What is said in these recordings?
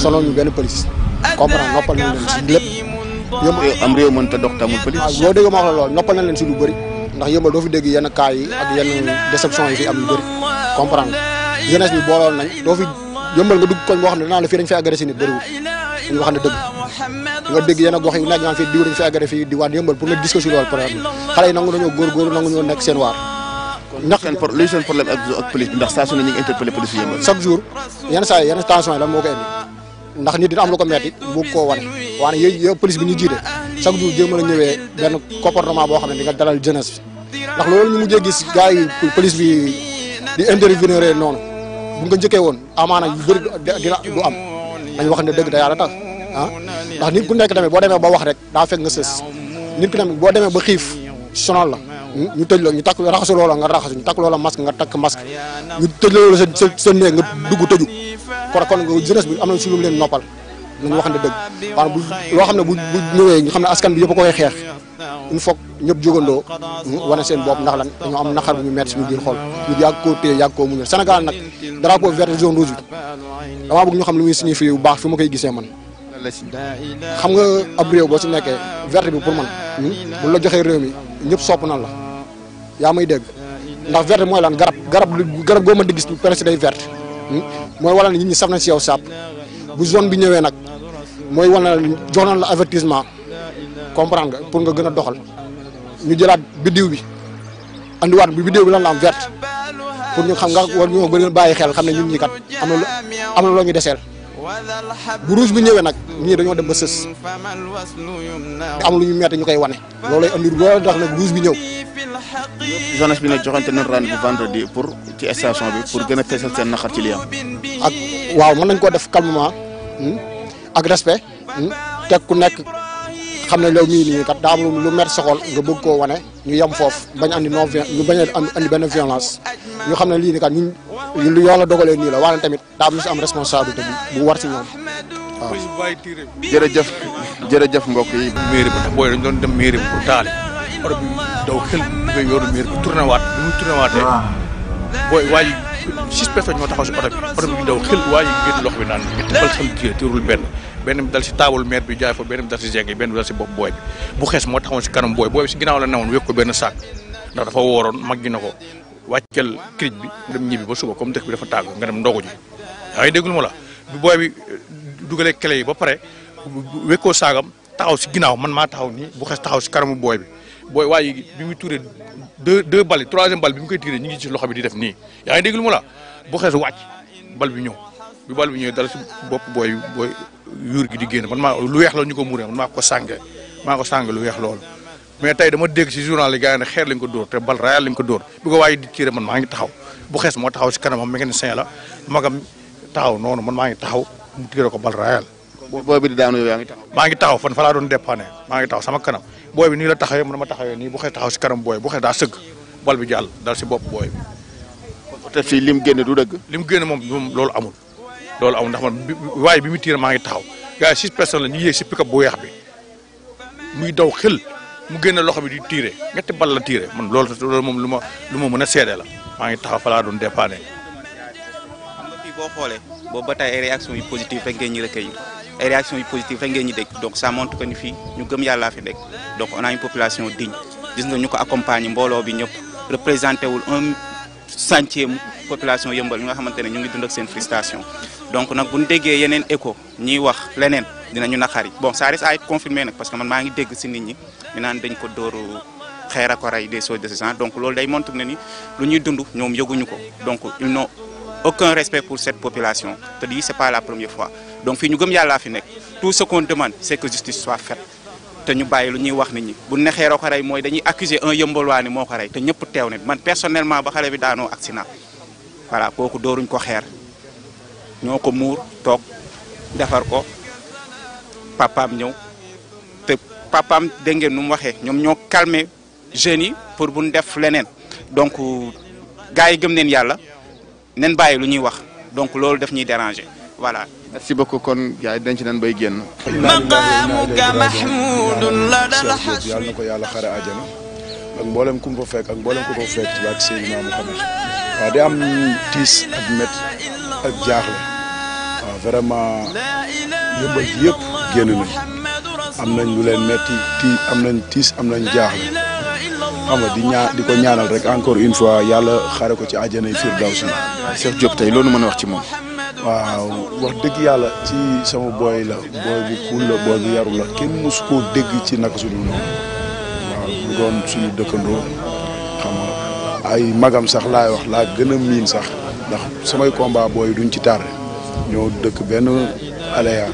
sonal ñu benn police comprendre noppal nañ leen si lépp si lu bëri ndax yëmbal doo fi dégg yenn cas yi ak yenn déception yi fi am yu bëri comprendre jeunesse bi booloon nañ doo fi yëmbal nga dugg koñ boo xam ne danaa la fii dañ fi agressé nit bëriwul wax ne dëgg nga dégg yenn gox yi nekk ñaan fi agressé yëmbal pour nga gis ko si loolu xale yi nangu nañoo góorgóorlu nangu ñoo nekk seen waar ndax saa su ne ñu ngi police chaque jour yenn ndax nit dina am lu ko metti bu koo wane waane yooyu yow police bi ñu jiite chaque jour jéem a ñëwee benn comportement boo xam ne di nga dalal jeunesse ndax loolu ñu gis gars yi bi di intervenir noonu bu nga njëkkee woon amaana yu bëri dina du am dañ wax ne dëgg da yàlla tax ah ndax nit ku nekk tamit boo demee ba wax rek daa fekk nga sës nit ku tamit boo demee ba xiif sonal la ñu tëj la ñu takk raxasu loola nga raxasu ñu takk loola masque nga takk masque ñu tëj la loola sa sa néeg nga dugg tëju kon kon jeunesse bi am nañ si lu mu leen noppal nañu waxante dëgg waaw bu loo xam ne bu bu ñëwee ñu xam ne askan bi yëpp a koy xeex il faut ñëpp jógandoo wane seen bopp ndax lan dañoo am naqar bu ñu metti suñu biir xol ñu yàgg koo téye yàgg koo muñal Sénégal nag drapeau vert jaune rouge bi damaa bëgg ñu xam lu muy signifié bu baax fi ma koy gisee man xam nga ab réew boo si nekkee vert bi pour man hmm, bu la joxee réew mi ñëpp sopp nan la yaa may dëgg ndax vert mooy lan garab garab garab goo mën di gis presque day vert mooy wala ne ñu ñi saf nañ si yow sàpp bu zone bi ñëwee nag mooy wala jox nañ la avertissement comprendre nga pour nga gën a doxal ñu jëlaat biddiw bi andiwaat bi biddiw bi lan la am verte pour ñu xam nga war ñoo gën a bàyyi xel xam ne ñun ñi kat am na am na loo ñu deseel bu rouge bi ñëwee nag ñii dañoo dem ba sës am lu ñu metti ñu koy wane loolay andi loolu tax nag rouge bi ñëw jeunesse bi nag joxante nañ rendez-vous vendredi pour ci station bi pour gën a feesal seen naqar ci li am. ak waaw mën nañ koo def calmement hmm, ak respect hmm, te ku nekk xam ne loolu mii nii kat daa am lu mer soxol nga bëgg koo wane ñu yem foofu bañ andi non ñu bañ a andi benn violence ñu xam ne lii nii kat ñun lu yoon la dogalee nii la waaye tamit daa am lu si am responsabilité bu war si ñoom waaw. jërëjëf jërëjëf mbokk yi. mairie bi booy dañ doon dem mairie bi pour taali oto bi daw xel nga yooru miir bi tourné waat bi muy tourné waatee booy waa ji six ñoo taxaw si oto bi oto bi daw xel waa ji loxo bi naan ñetti bal benn benn bi dal si taabal maire bi jaay fa benn bi dal si si bopp booy bi bu xees moo taxaw si kanam booy booy bi si ginnaaw la newoon ko benn sàkk ndax dafa wooroon mag gi na ko wàccal cric bi dem ñibbi ba suba comme dëkk bi dafa tàggu nga dem ndogu ji ngi déggul ma la bu booy bi eh, dugalee clé yi ba pare wékkoo saagam taxaw si ginnaaw man maa taxaw nii bu xes taxaw si kanamu booy bi booy waaye bi muy tiré deux deux balles troisième balle bi mu koy tiré ñu ngi ci loxo bi di def nii yaa ngi dégg lu ma la bu xees wàcc bal bi ñëw bi bal bi ñëwee dal si bopp booy booy yuur gi di génn man maa lu weex la ñu ko muuree man maa ko sànge maa ko sànge lu weex lool mais tey dama dégg si journal yi gars yi ne xeer lañ ko dóor te bal rayal lañ ko dóor bi ko waaye di tiré man maa ngi taxaw bu xees moo taxaw si kanamam mécanicien la magam taxaw noonu man maa ngi taxaw mu ko bal rayal booy bi di daanu yow yaa ngi taxaw. maa ngi taxaw fan fa laa doon dépanné maa ngi taxaw sama kanam booy bi la taxawee man ma taxawee nii bu xee taxaw si kanam booy bu xee daa sëgg bal bi si bopp booy bi. kon te si lim du dëgg. lim génn moom moom loolu amul loolu amul ndax man waaye bi mu tiir maa ngi taxaw gars yi la ñu yéeg si pick-up bi muy daw xel mu génn loxo bi di tiire ñetti bal la tiire man loolu loolu moom lu ma lu ma mën a seede la maa ngi taxaw fa laa doon dépanné. xam nga fii boo ba tey réaction yi positive rek ngeen ñu recueillir ay réaction yu positive rek ngeen ñu dégg donc ça montre que ni fii ñu gëm yàllaa fi nekk donc on a une population digne gis nga ñu ko accompagner mbooloo bi ñëpp représenté wul un centième population yëmbal ñu nga xamante ne ñu ngi dund ak seen frustration donc nag bu ñu déggee yeneen écho ñiy wax leneen dinañu naqari bon ça reste à être confirmé nag parce que man maa ngi dégg si nit ñi ñu naan dañ ko door xeer ak ray des choses de ce donc loolu day montre ne ni lu ñuy dund ñoom yëguñu ko donc ils n'ont aucun respect pour cette population te fois donc fi ñu gëm yàllaa fi nekk tout ce qu'on demande c'est que justice soit faite te ñu bàyyi lu ñuy wax nit ñi bu nexeeroo ko rey mooy dañuy accuser un yëmbalwaa moo ko rey te ñëpp teew ne man personnellement ba xale bi daanoo accident voilà ko dooruñ ko xeer ñoo ko muur toog defar ko papaam ñëw te papaam dégg ngeen nu mu waxee ñoom ñoo calmer jeunes yi pour buñ def leneen donc euh, gars yi gëm neen yàlla nen bàyyi lu ñuy wax donc loolu def ñuy dérangé voilà merci beaucoup kon gars yi denc nañ bay génn. maqaamuka mahmudun la dal xas yàlla na ko yàlla xare àjjana ak mboolem ku mu fa fekk ak mboolem ku ko fekk ci laaj Seydina Mouhamed waaw di am tiis ak met ak jaaxle waaw vraiment yëmbal ji yëpp génn nañ am nañ lu leen metti tii am nañ tiis am nañ jaaxle xam nga di ñaa di ko ñaanal rek encore une fois yàlla xare ko ci àjjana yi Firdawsi. Cheikh Diop tey loolu mën a wax ci moom. waaw wax dëgg yàlla ci sama booy la booy bi kuul la booy bu yaru la kenn mësu koo dégg ci naka suñu noonu waaw bu doon suñu dëkkandoo xam nga ay magam sax laay wax laa gën a miin sax ndax samay combat booy duñ ci taar ñoo dëkk benn aléa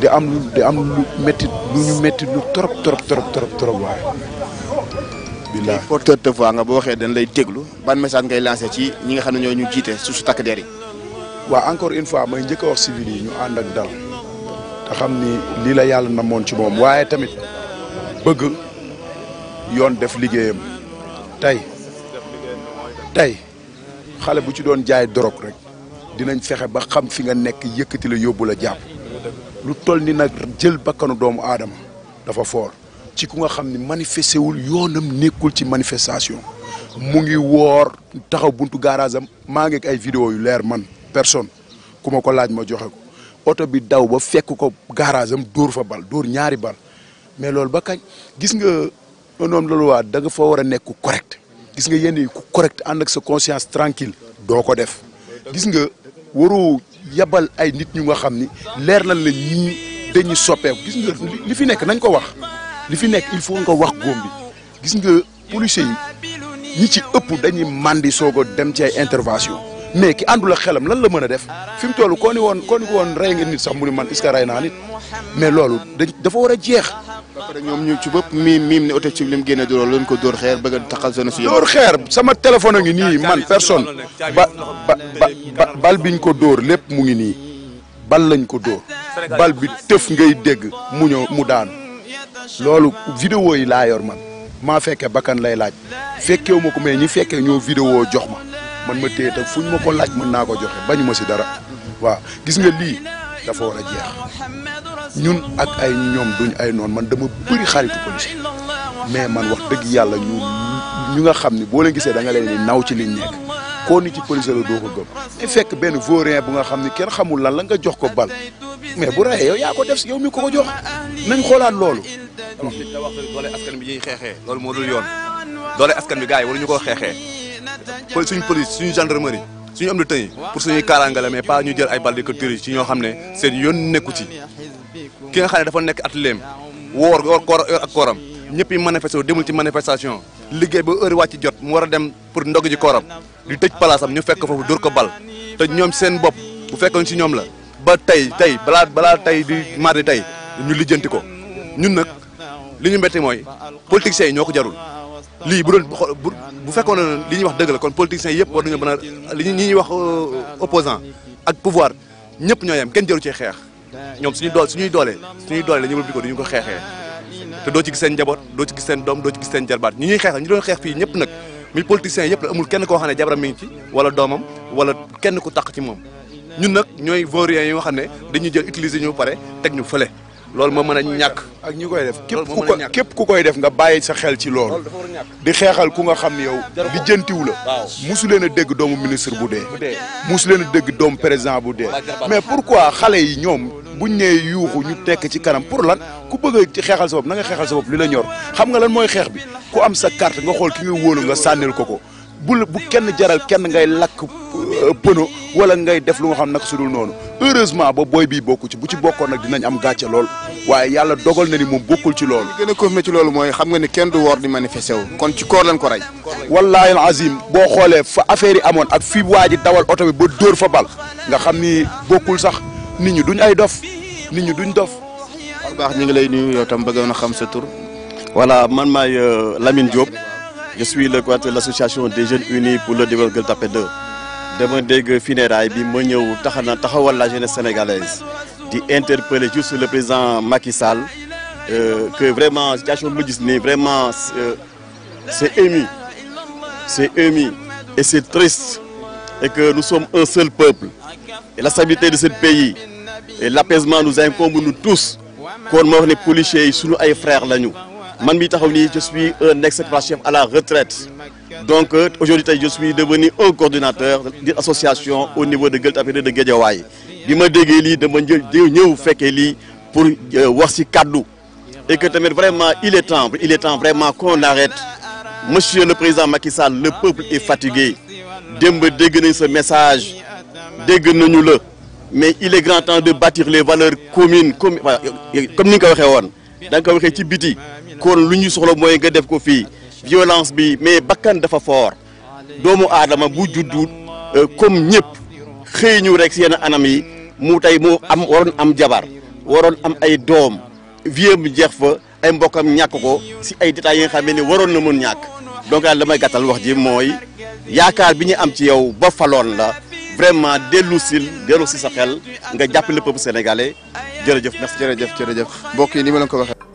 di am lu di am lu métti lu ñu métti lu trop trop trop trop trop waaye billaay porteur de voix nga boo waxee dañ lay déglu ban message ngay lancé ci ñi nga xam ne ñoo ñu jiite su su takk der yi waaw encore une fois may njëkk a wax civil yi ñu ànd ak dal te xam ni lii la yàlla na namoon ci moom waaye tamit bëgg yoon def liggéeyam tey tey xale bu ci doon jaay dorog rek dinañ fexe ba xam fi nga nekk yëkkati la yóbbu la jàpp lu toll ni nag jël bakkanu doomu aadama dafa foor ci ku nga xam ni manifesté wul yoonam nekkul ci manifestation mu ngi woor taxaw bunt garage am maa ngi ay video yu leer man personne ku ko laaj ma joxe ko oto bi daw ba fekk ko garage am dóor fa bal dóor ñaari bal mais loolu ba kañ gis nga un homme de loi da nga fa war a nekk correct gis nga yenn yi ku correct ànd ak sa conscience tranquille doo ko def gis nga waru yabal ay nit ñu nga xam ni leer na la ñii dañuy soppeeku gis li fi nekk nañ ko wax li fi nekk il faut nga wax góom bi gis nga policiers yi ñi ci ëpp dañuy màndi soog a dem ci ay intervention mais ki àndul ak xelam lan la mën a def fi mu toll koo ni woon koo ni woon rey nga nit sax mu ni man est rey naa nit mais loolu dafa war a jeex. ba ñoom ñu ci bëpp miim miim ne oto ci lim génne du loolu lañ ko dóor xeer bëgg a taxal zone si. dóor xeer sama téléphone a ngi nii man personne ba ba ba bi biñ ko dóor lépp mu ngi nii bal lañ ko dóor bal bi tëf ngay dégg mu ñëw mu daan loolu vidéo yi laa yor man maa fekkee bakkan lay laaj fekkewuma ko mais ñi fekkee ñoo vidéo jox ma. man ma téye te fuñ ma ko laaj mën naa ko joxe bañu ma si dara waaw gis nga lii dafa war a jeex ñun ak ay ñoom duñ ay noon man dama bëri xaritu policier mais man wax dëgg yàlla ñu ñu nga xam ni boo leen gisee da leen ni naw ci liñ nekk koo ni ci policier la doo ko gëm fekk benn vaurien bu nga xam ni kenn xamul lan la nga jox ko bal mais bu rayee yow yaa ko def si yow mi ko ko jox nañ xoolaat loolu wax dëgg da doole askan bi ñuy xeexee loolu moo dul yoon doole askan bi gars yi waruñu koo xeexee pol suñu police suñu gendarmerie suñu am di tey pour suñuy kaaraangale mais pas ñu jël ay bal di ko tëri ñoo xam ne seen yoon nekku ci ki nga xam ne dafa nekk at leem woor woor koor ak kooram ñëpp yi manifesté wu demul ci manifestation liggéey ba heure wàcc jot mu war a dem pour ndog ji kooram di tëj palaasam ñu fekk foofu dóor ko bal te ñoom seen bopp bu fekkoon si ñoom la ba tey tey balaa balaa tey di mardi tey ñu lijjanti ko ñun nag li ñu metti mooy politiciens yi ñoo ko jarul lii bu doon bu fekkoon ne li ñuy wax dëgg la kon politiciens yëpp war nañu mën a li ñuy wax euh, opposant ak pouvoir ñëpp ñoo yem kenn jëru ci xeex ñoom suñuy doole suñuy doole suñuy doole ñu bi ko ñu ko xeexee te doo ci gis seen njaboot doo ci gis seen doom doo ci gis seen jarbaat ñu ñuy xeex ñu doon xeex fii ñëpp nag mi politiciens yëpp la amul kenn koo xam ne jabaram mi ngi ci wala doomam wala kenn ku taq ci moom ñun nag ñooy vauriens yi nga xam ne dañuy jël utiliser ñu pare teg ñu fële loolu moo mën a ñàkk. ak ñi koy def képp ku ko képp ku koy def nga bàyyi sa xel ci loolu. di xeexal ku nga xam ne yow. di jëntiw la. waaw musu leen a dégg doomu ministre bu dee. musu leen a dégg doomu président bu dee. mais pourquoi xale yi ñoom buñ nee yuuxu ñu tekk ci kanam pour lan ku bëgg ci xeexal sa bopp na nga xeexal sa bopp li la ñor xam nga lan mooy xeex bi ku am sa carte nga xool ki nga wóolu nga sànnil ko ko bul bu kenn jaral kenn ngay lakk euh, pëno wala ngay def lu nga xam nag sudul noonu heureusement ba booy bii bokku ci bu ci bokkoon nag dinañ am gàcce lool waaye yàlla dogal na ni moom bokkul ci loolu. li gën ci loolu mooy xam nga ni kenn du woor di manifesté wu. kon ci koor lañ ko rey. wallaahi azim boo xoolee fa affaire yi amoon ak fi waa ji dawal oto bi ba dóor fa bal nga xam ni bokkul sax nit ñi duñ ay dof nit ñi duñ dof. baax ñu ngi lay nuyu yow tam bëggoon a xam sa tur. voilà man maay euh, Lamine Diop. je suis le coordinateur de l'association des jeunes unis pour le développement Gueule Tapée 2 dama dégg funérailles bi ma ñëw taxa na taxawal la jeunesse sénégalaise di interpeller juste le président Macky Sall euh, que vraiment situation bi ma vraiment euh, c'est ému c'est ému et c'est triste et que nous sommes un seul peuple et la stabilité de ce pays et l'apaisement nous incombe nous tous kon ma ne policiers yi sunu ay frères lañu man mi taxaw nii je suis un ex-chef à la retraite donc euh, aujourd'hui tey je suis devenu un coordinateur d'une association au niveau de Gueule Tapée de Guédiawaye bi ma déggee lii dama ñëw fekkee lii pour euh, wax ci kaddu et que tamit vraiment il est temps temps vraiment qu'on arrête monsieur le président Macky Sall le peuple est fatigué démb dégg nañ sa message dégg nañu la mais il est grand temps de bâtir les valeurs communes comme comme ni nga ko waxee woon da nga ko waxee kon lu ñu soxla mooy nga def ko fii violence bi mais bakkan dafa fort doomu aadama bu juddu euh, comme ñëpp xëy ñu rek si yenn anam yi mu tey mu am waroon am jabar waroon am ay doom vie mu jeex fa ay mbokkam ñàkk ko si ay détails yi nga xam ne waroon na mën ñàkk donc daal damay gàttal wax ji mooy yaakaar bi ñu am ci yow ba faloon la vraiment dellu sil dellu si sa xel nga jàppale peuple sénégalais jërëjëf merci jërëjëf jërëjëf mbokk yi ni ma leen ko waxee.